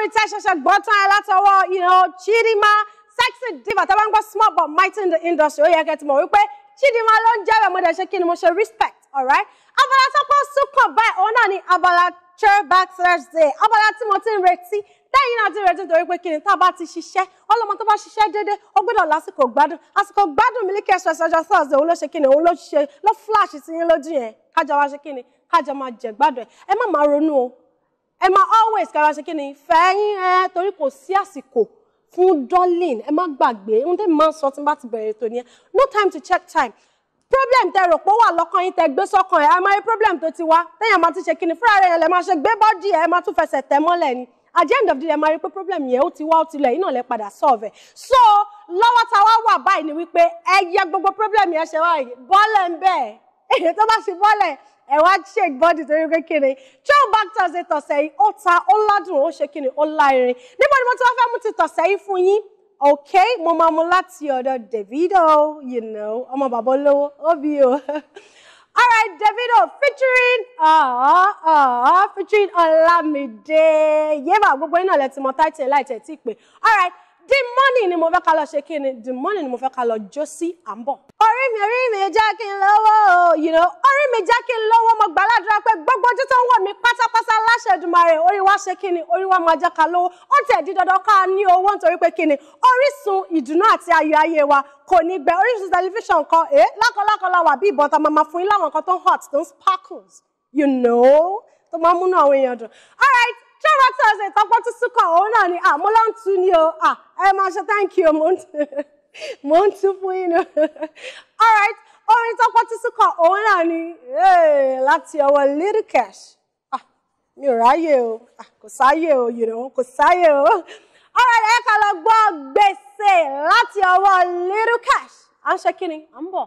orin tẹ́ ṣẹ̀ṣẹ̀ gbọ́ tán ẹ látọwọ́ you know sexy diva tẹ́ bá ń gbọ́ small but mighty in the industry ó yẹ kẹ́ ti mọ̀ wípé Chidinma ló ń jẹ́ rẹ̀ mo dẹ̀ ṣe kí ni mo ṣe respect alright abala tó pọ̀ súnkàn báyìí òun náà ni abala chair back thursday abala tí mo ti ń retí tẹ́yìn náà ti ń retí nítorí pé kí ni tá a bá ti ṣiṣẹ́ ọlọ́mọ tó bá ṣiṣẹ́ déédé ó gbọ́dọ̀ lásìkò gbádùn àsìkò gbádùn Miliki Express ọjọ́ thursday òun ló flash sí yín lójú yẹn kájọ wá ṣe kí ni kájọ máa jẹ gbádùn ẹ máa always kára ṣe kí ni fẹ́yìn ẹ torí kò sí àsìkò fún darling ẹ má gbàgbé ohun tẹ́ mi sọ tí bá ti bẹ̀rẹ̀ ètò nìyẹn no time to check time problem tẹ rò pé ó wà lọ́kàn yín tẹ gbé sọ́kàn ẹ̀ àmọ́ problem tó ti wá tẹ́yìn àmọ́ ti ṣe kí ni fúnra rẹ̀ lẹ́ máa ṣe gbé bọ́dì ẹ̀ máa tún fẹsẹ̀ tẹ̀ mọ́lẹ̀ ni at the end of the day ẹ máa rí pé problem yẹn ó ti wá ó ti lẹ̀ yín náà lẹ padà solve ẹ̀ so lọ́wọ́ táwa wà báyìí ni wípé ẹ yẹ gbogbo problem yẹn ṣe wáyé bọ́lẹ̀ ń bẹ́ẹ̀ èyí tó bá ṣe bọ́lẹ̀ ẹ wá shake body torí pé kí ni john baptist ṣe tọ̀sẹ̀ yìí ó ta ó ládùn ó ṣe kí ni ó láìrin níbo ni mo ti wá fẹ́ mú ti tọ̀sẹ̀ yìí fún yín ok mo máa mú láti ọ̀dọ̀ davido you know ọmọ bàbá olówó obi o all right davido featuring ọ̀ọ́ ọ̀ọ́ featuring ọlámídé yéèmà gbogbo iná lẹ ti mọ táìtì láì tẹ̀ tí pé all right the money ni mo fẹ́ ká lọ ṣe kí ni the money ni mo fẹ́ ká lọ jó sí à ń bọ̀. orí mi orí mi jẹ́ kí n lówó o jẹ́ kí n lọ́wọ́ mo gbà pé gbogbo ojú tó ń wò mí pátápátá láṣẹ Èdùmàrè orí wa ṣe kíni orí wa máa jẹ́ ká lówó ó tẹ̀ di dandan ká ní owó nítorí pé kíni orísun ìdùnnú àti ayọ̀ ayé wa kò ní gbẹ Orísun tẹlifíṣàn kan èé lákọlákọlá wà bí ìbọn tá máa fún yín láwọn nǹkan tó ń hot tó ń sparkles you know tó máa múnú àwọn èèyàn dùn all right travel thursday tọpọ tún súnkọ òun náà ni àmọ́ ló ń tu ni o ẹ máa ṣe thank you mo ń tu fún yín o all right orin tọ́pọ́ tí sùkọ̀ òun náà ni láti ọwọ́ Little Cash ah, mi ò ráyè o ah, kò sáyè o yìí òun kò sáyè o ọ̀rọ̀ ẹ̀ lọ gbọ́ gbèsè láti ọwọ́ Little Cash à ń ṣe kí ni à ń bọ̀.